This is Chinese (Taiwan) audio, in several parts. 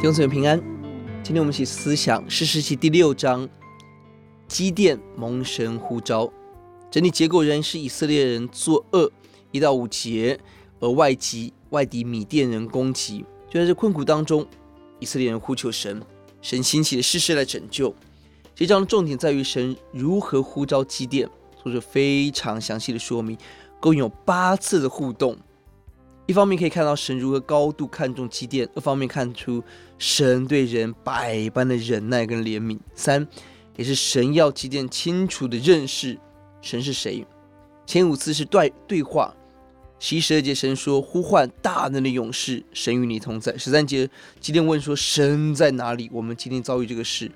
弟兄平安，今天我們一起思想《士師記》第六章，基甸蒙神呼召。整體結構仍然是以色列人作惡，一到五節而外敵外敵米甸人攻擊。就在這困苦當中，以色列人呼求神，神興起的士師來拯救。這一章的重點在於神如何呼召基甸，作者非常詳細的說明，共有八次的互動。一方面可以看到神如何高度看重基甸，二方面看出神對人百般的忍耐跟憐憫。三，也是神要基甸清楚的認識神是誰。前五次是對對話，十一十二節神說：“呼喚大能的勇士，神與你同在。”十三節基甸問說：“神在哪裡？”我們今天遭遇這個事。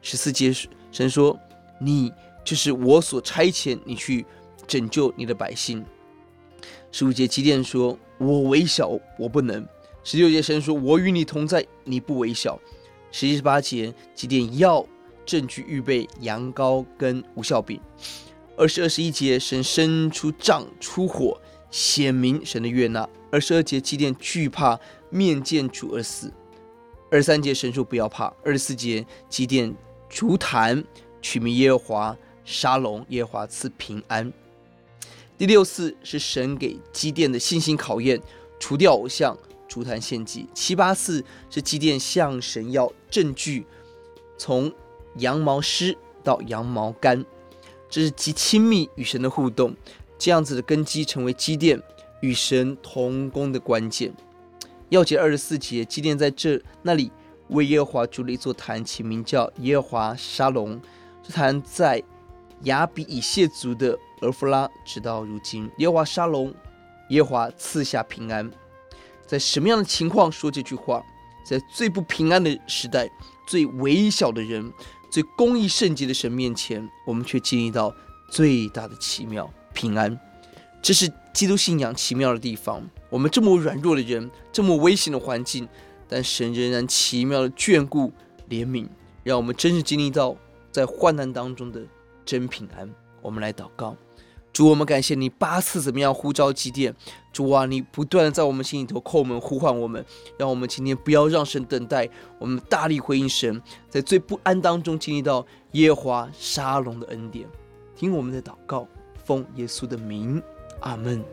十四節神說：“你就是我所差遣你去拯救你的百姓。”十五節基甸說。我微小，我不能。十六節神說：“我與你同在，你不微小。17 ”十七、十八節基甸要，證據預備羊羔跟無酵餅。二十、二十一節神伸出杖出火，顯明神的悅納。二十二節基甸懼怕面見主而死。二十三節神說：“不要怕。24 ”二十四節基甸築壇，取名耶和華沙龍，耶和華賜平安。第六次是神給基甸的信心考驗，除掉偶像，築壇獻祭。七八次是基甸向神要證據，從羊毛濕到羊毛乾，這是極親密與神的互動，這樣子的根基成為基甸與神同工的關鍵。鑰節二十四節，基甸在這那裡為耶和華築了一座壇，起名叫耶和華沙龍，這壇在亞比以謝族的。而俄弗拉，直到如今，耶和華沙龍，耶和華賜下平安。在什麼樣的情況說這句話？在最不平安的時代，最微小的人，最公義聖潔的神面前，我們卻經歷到最大的奇妙平安。這是基督信仰奇妙的地方。我們這麼軟弱的人，這麼危險的環境，但神仍然奇妙的眷顧憐憫，讓我們真正經歷到在患難當中的真平安。我們來禱告。主，我們感謝你八次怎麼樣呼召基甸？主啊，你不斷的在我們心裡頭叩門呼喚我們，讓我們今天不要讓神等待，我們大力回應神，在最不安當中經歷到耶和華沙龍的恩典。聽我們的禱告，奉耶穌的名，阿門。